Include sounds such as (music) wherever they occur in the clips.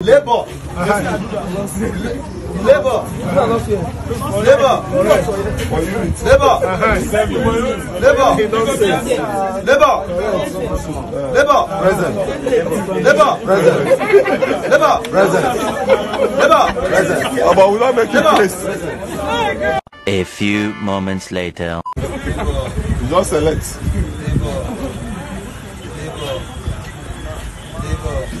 Labour. Labour. Labour. Labour. Labour. Labour. Labour. Labour. Labour. Labour. Labour. Labour. Labour. Present. But we don't make it place. A few moments later. Just select.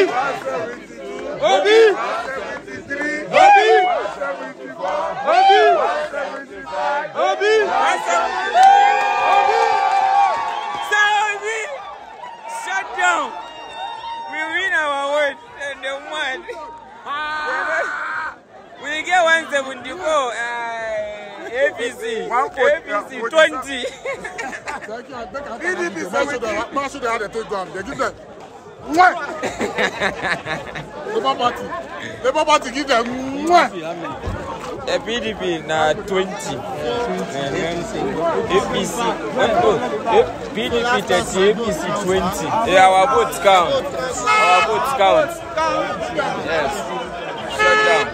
Obi. Obi. Obi. Obi. Obi. So Obi, shut down. We win our word and the one. Ah! We get one seventy four. Uh, twenty. (laughs) Thank you. 174. Uh, APC, APC 20. PDP 17. They give them mwah. Labour Party. Labour Party give them mwah. The eh, PDP na 20. APC. No, PDP 30, APC 20. Yeah, our votes count. Our votes count. Yes. Shut down.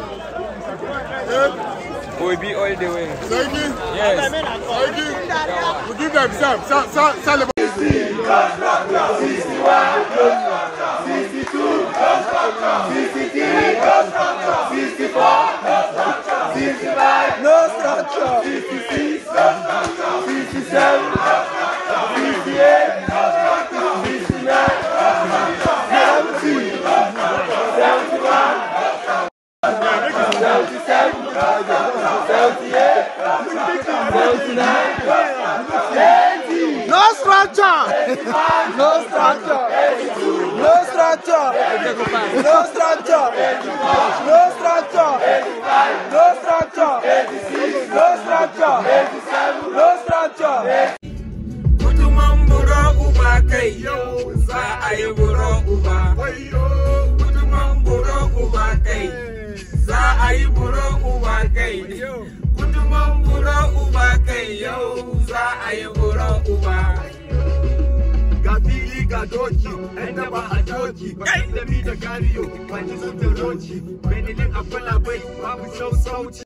Eh? We'll be all the way. Yes. Thank you. Thank you. We give them some. Some. some. Michel, Michier, Michier, Selfie, Selfie Man, Selfie Seven, Selfie Eight, Selfie Nine, Eighty. No structure. No structure. No structure. No structure. No structure. No structure. No structure. kai za a yi buron uba guduman buron uba kai za a yi buron uba kai guduman buron uba kai yau za a yi buron uba ga fili ga doki ɗan ba a doki da mi da gariyo kwanci sun da roci benilin akwai labai babu sausauci